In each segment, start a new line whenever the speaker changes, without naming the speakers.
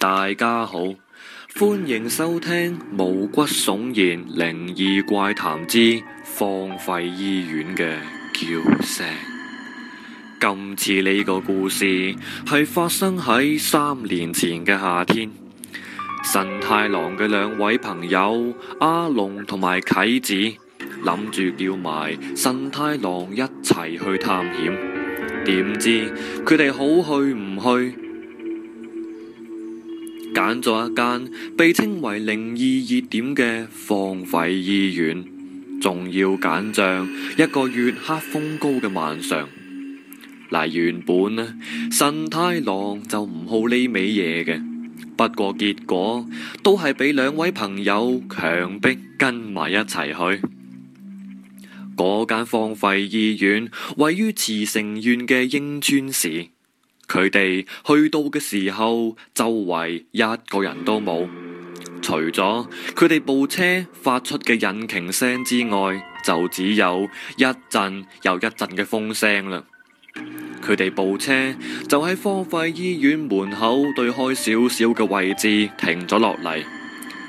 大家好，歡迎收聽《毛骨悚然靈異怪談》之《荒廢醫院》嘅叫聲。今次呢個故事係發生喺三年前嘅夏天，神太郎嘅兩位朋友阿龍同埋啟子諗住叫埋神太郎一齊去探險，點知佢哋好去唔去？揀咗一間被稱為靈異熱點嘅荒廢醫院，仲要揀像一個月黑風高嘅晚上。嗱，原本呢、啊、神太郎就唔好呢味嘢嘅，不過結果都係俾兩位朋友強迫跟埋一齊去。嗰間荒廢醫院位於慈城縣嘅英川市。佢哋去到嘅時候，周圍一個人都冇，除咗佢哋部車發出嘅引擎聲之外，就只有一陣又一陣嘅風聲啦。佢哋部車就喺荒廢醫院門口對開少少嘅位置停咗落嚟。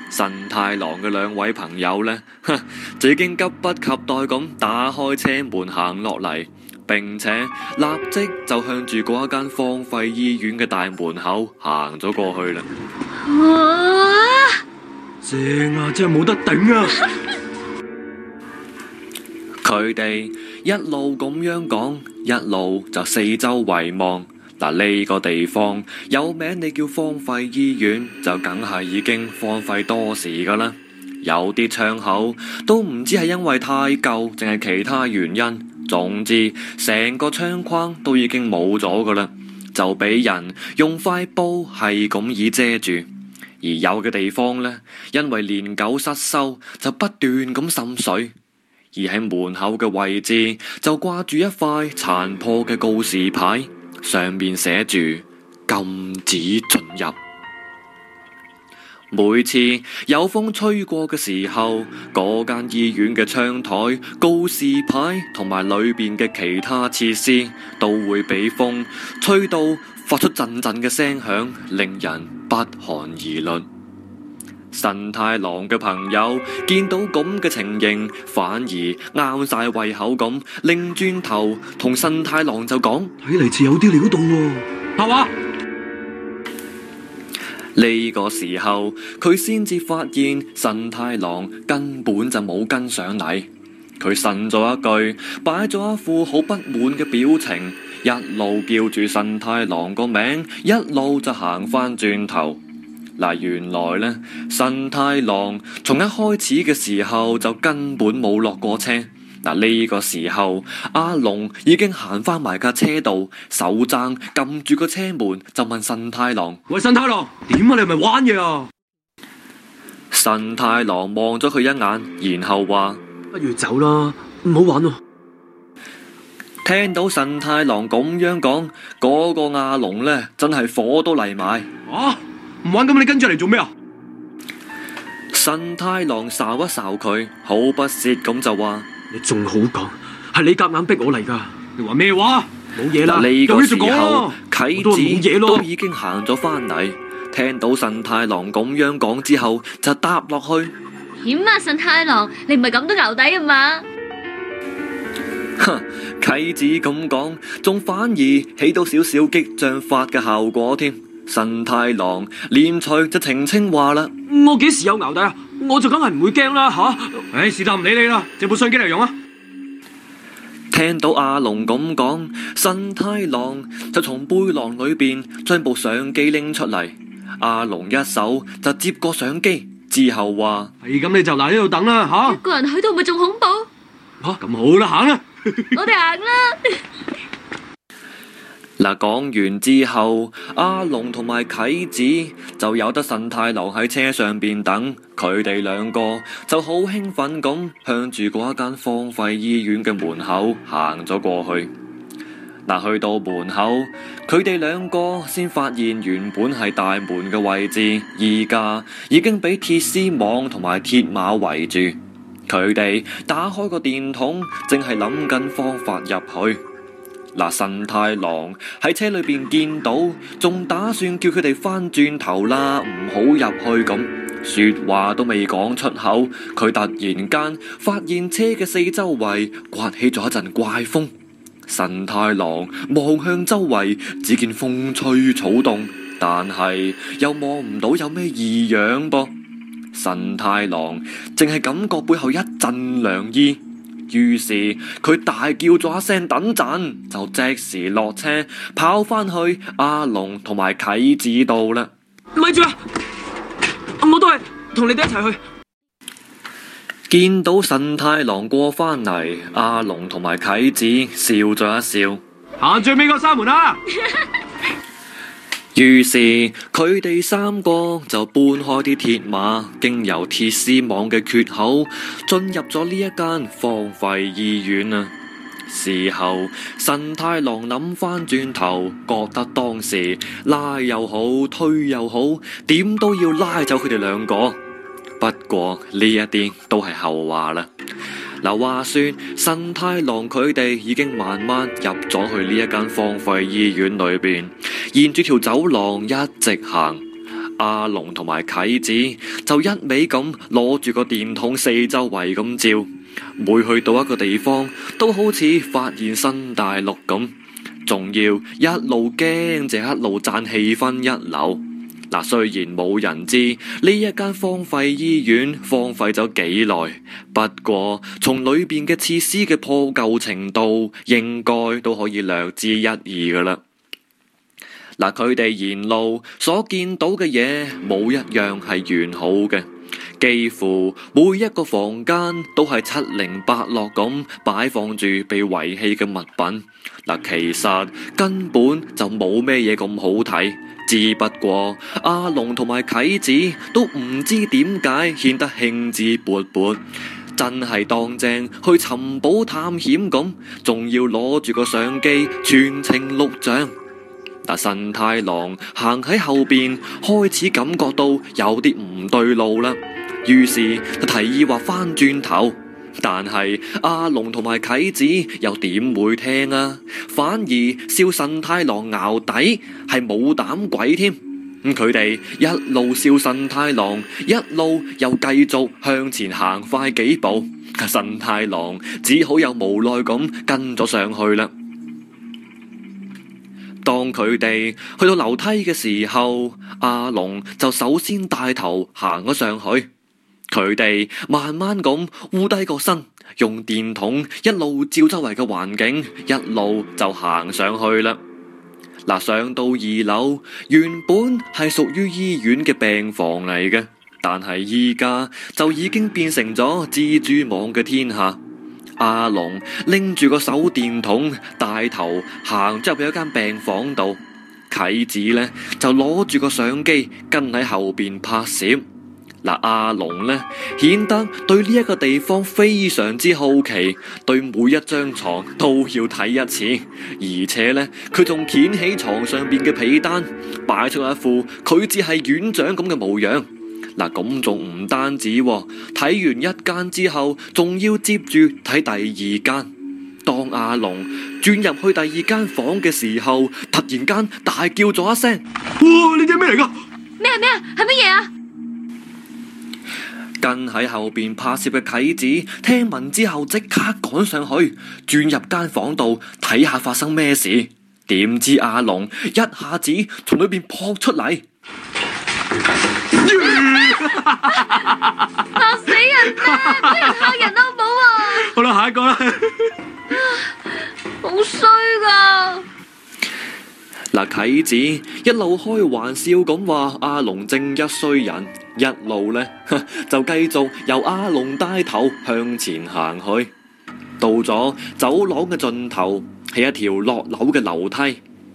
神太郎嘅兩位朋友呢，就已經急不及待咁打開車門行落嚟。並且立即就向住嗰一間荒廢醫院嘅大門口行咗過去啦。正啊，真係冇得頂啊！佢哋一路咁樣講，一路就四周圍望。嗱、啊，呢、這個地方有名，你叫荒廢醫院，就梗係已經荒廢多時噶啦。有啲窗口都唔知係因為太舊，定係其他原因。總之，成個窗框都已經冇咗㗎喇，就俾人用塊布係咁以遮住。而有嘅地方呢，因為年久失修，就不斷咁滲水。而喺門口嘅位置，就掛住一塊殘破嘅告示牌，上面寫住禁止進入。每次有風吹過嘅時候，嗰間醫院嘅窗台告示牌同埋裏邊嘅其他設施，都會俾風吹，吹到發出陣陣嘅聲響，令人不寒而慄。神太郎嘅朋友見到咁嘅情形，反而拗晒胃口咁，擰轉頭同神太郎就講：「睇嚟似有啲料到喎，係嘛？呢個時候，佢先至發現神太郎根本就冇跟上嚟。佢呻咗一句，擺咗一副好不滿嘅表情，一路叫住神太郎個名，一路就行翻轉頭。嗱，原來呢，神太郎從一開始嘅時候就根本冇落過車。嗱，呢個時候，阿龍已經行返埋架車度，手踭撳住個車門，就問神太郎，喂，神太郎，點啊？你係咪玩嘢？啊？神太郎望咗佢一眼，然後話，不如走啦，唔好玩咯。聽到神太郎咁樣講，嗰個阿龍呢真係火都嚟埋。啊，唔玩咁，你跟住嚟做咩啊？神太郎睄一睄佢，好不屑咁就話。你仲好講，係你夾硬逼我嚟噶。你話咩話？冇嘢啦。你嗰時候啟、啊、子都已經行咗翻嚟，聽到神太郎咁樣講之後，就搭落去。點啊？神太郎，你唔係咁都牛底啊嘛？哼！ 啟子咁講，仲反而起到少少激將法嘅效果添。神太郎連隨就澄清話啦：我幾時有牛底啊？我就梗係唔會驚啦，吓、啊！唉、哎，是但唔理你啦，借部相機嚟用啊！聽到阿龍咁講，新太郎就從背囊裏邊將部相機拎出嚟，阿龍一手就接過相機，之後話：係咁，你就嚟呢度等啦，吓、啊！一個人去到咪仲恐怖？吓、啊，咁好、啊、 啦，行啦，我哋行啦。嗱，講完之後，阿龍同埋啟子就有得神太留喺車上邊等佢哋 兩個，就好興奮咁向住嗰一間荒廢醫院嘅門口行咗過去。嗱，去到門口，佢哋兩個先發現原本係大門嘅位置，而家已經俾鐵絲網同埋鐵馬圍住。佢哋打開個電筒，正係諗緊方法入去。嗱，神太郎喺車裏邊見到，仲打算叫佢哋返轉頭啦，唔好入去咁。說話都未講出口，佢突然間發現車嘅四周圍颳起咗一陣怪風。神太郎望向周圍，只見風吹草動，但係又望唔到有咩異樣噃。神太郎淨係感覺背後一陣涼意。於是佢大叫咗一聲，等陣就即時落車跑返去阿龍同埋啟子度啦。咪住啊，我都係同你哋一齊去。見到神太郎過返嚟，阿龍同埋啟子笑咗一笑。行最尾個山門啦，啊。 於是佢哋三個就搬開啲鐵馬，經由鐵絲網嘅缺口進入咗呢一間荒廢醫院啊！事後神太郎諗翻轉頭，覺得當時拉又好，推又好，點都要拉走佢哋兩個。不過呢一啲都係後話啦。嗱，話說神太郎佢哋已經慢慢入咗去呢一間荒廢醫院裏邊，沿住條走廊一直行，阿龍同埋啟子就一味咁攞住個電筒四周圍咁照，每去到一個地方都好似發現新大陸咁，仲要一路驚，就一路讚，氣氛一流。嗱，雖然冇人知呢一間荒廢醫院荒廢咗幾耐， 不過從裏邊嘅設施嘅破舊程度，應該都可以略知一二噶啦。嗱，佢哋沿路所見到嘅嘢，冇一樣係完好嘅，幾乎每一個房間都係七零八落咁擺放住被遺棄嘅物品。嗱， 其實根本就冇咩嘢咁好睇。只不過阿龍同埋啟子都唔知點解顯得興致勃勃，真係當正去尋寶探險咁，仲要攞住個相機全程錄像。但神太郎行喺後邊，開始感覺到有啲唔對路啦，於是就提議話返轉頭。但係阿龍同埋啟子又點會聽啊？反而笑神太郎咬底，係冇膽鬼添。佢哋一路笑神太郎，一路又繼續向前行快幾步。神太郎只好又無奈咁跟咗上去啦。當佢哋去到樓梯嘅時候，阿龍就首先帶頭行咗上去。佢哋慢慢咁俯低個身，用電筒一路照周圍嘅環境，一路就行上去啦。嗱，上到二樓，原本係屬於醫院嘅病房嚟嘅，但係而家就已經變成咗蜘蛛網嘅天下。阿龍拎住個手電筒，帶頭行咗入去一間病房度，啟子呢，就攞住個相機跟喺後邊拍攝。嗱，阿龍咧顯得對呢一個地方非常之好奇，對每一張床都要睇一次，而且咧佢仲掀起床上邊嘅被單，擺出一副佢只係院長咁嘅模樣。嗱、啊，咁仲唔單止，睇完一間之後，仲要接住睇第二間。當阿龍轉入去第二間房嘅時候，突然間大叫咗一聲：哇！你隻咩嚟噶？咩咩係乜嘢啊？跟喺後邊拍攝嘅啟子聽聞之後，即刻趕上去，轉入間房度睇下發生咩事。點知阿龍一下子從裏邊撲出嚟，嚇死人啦！居然所有人都冇啊！好啦，下一個啦，好衰噶。嗱，啟子一路開玩笑咁話：阿龍正一衰人。一路呢，就繼續由阿龍帶頭向前行去，到咗走廊嘅盡頭係一條落樓嘅樓梯，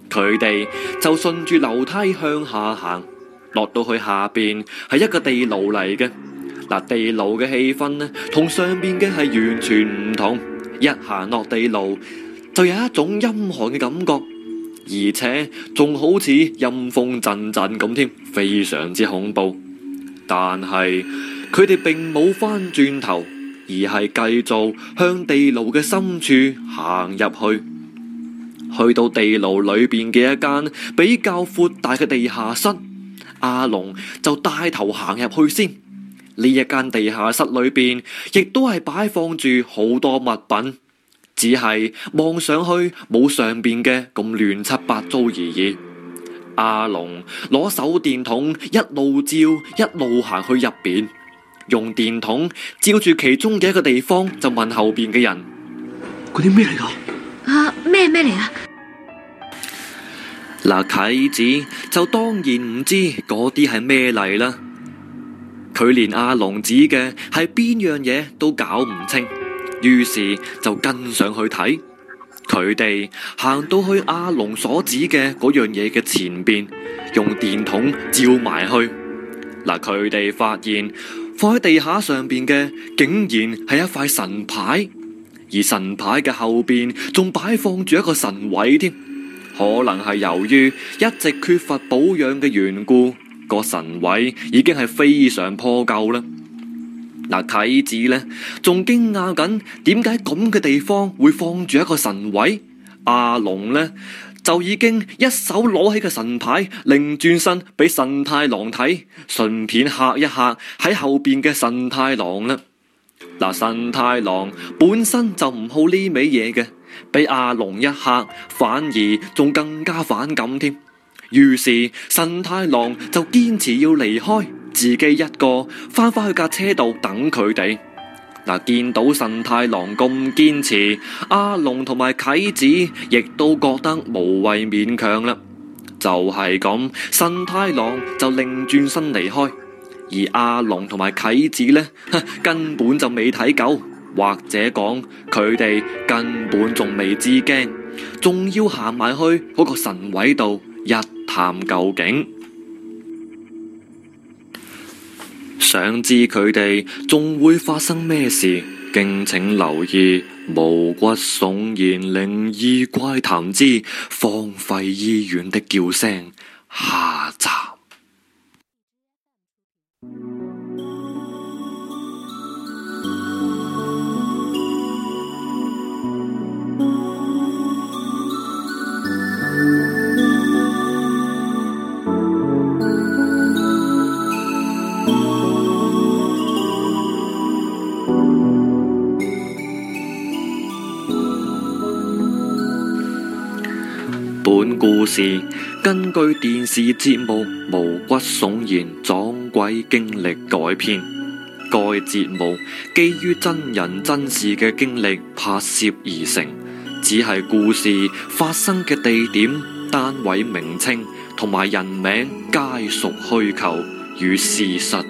佢哋就順住樓梯向下行，落到去下邊係一個地牢嚟嘅嗱。地牢嘅氣氛呢，同上邊嘅係完全唔同，一行落地牢就有一種陰寒嘅感覺，而且仲好似陰風陣陣咁添，非常之恐怖。但係佢哋並冇返轉頭，而係繼續向地牢嘅深處行入去。去到地牢裏邊嘅一間比較闊大嘅地下室，阿龍就帶頭行入去先。呢一間地下室裏邊，亦都係擺放住好多物品，只係望上去冇上邊嘅咁亂七八糟而已。阿龍攞手電筒一路照一路行去入邊，用電筒照住其中嘅一個地方，就問後邊嘅人：嗰啲咩嚟噶？啊，咩咩嚟啊？嗱，啟子就當然唔知嗰啲係咩嚟啦，佢連阿龍指嘅係邊樣嘢都搞唔清，於是就跟上去睇。佢哋行到去阿龍所指嘅嗰樣嘢嘅前邊，用電筒照埋去。嗱，佢哋發現放喺地下上邊嘅，竟然係一塊神牌，而神牌嘅後邊仲擺放住一個神位添。可能係由於一直缺乏保養嘅緣故，個神位已經係非常破舊啦。嗱，啟智呢仲驚訝緊，點解咁嘅地方會放住一個神位？阿龍呢就已經一手攞起個神牌，擰轉身俾神太郎睇，順便嚇一嚇喺後邊嘅神太郎啦。嗱、啊，神太郎本身就唔好呢味嘢嘅，俾阿龍一嚇，反而仲更加反感添。於是神太郎就堅持要離開。自己一個翻返去架車度等佢哋。嗱，見到神太郎咁堅持，阿龍同埋啟子亦都覺得無謂勉強啦。就係咁，神太郎就擰轉身離開，而阿龍同埋啟子呢，根本就未睇夠，或者講佢哋根本仲未知驚，仲要行埋去嗰個神位度一探究竟。想知佢哋仲會發生咩事，敬請留意《毛骨悚然靈異怪談之荒廢醫院》的叫聲下集。根據電視節目《毛骨悚然撞鬼經歷》改編，該節目基於真人真事嘅經歷拍攝而成，只係故事發生嘅地點、單位名稱同埋人名皆屬虛構與事實。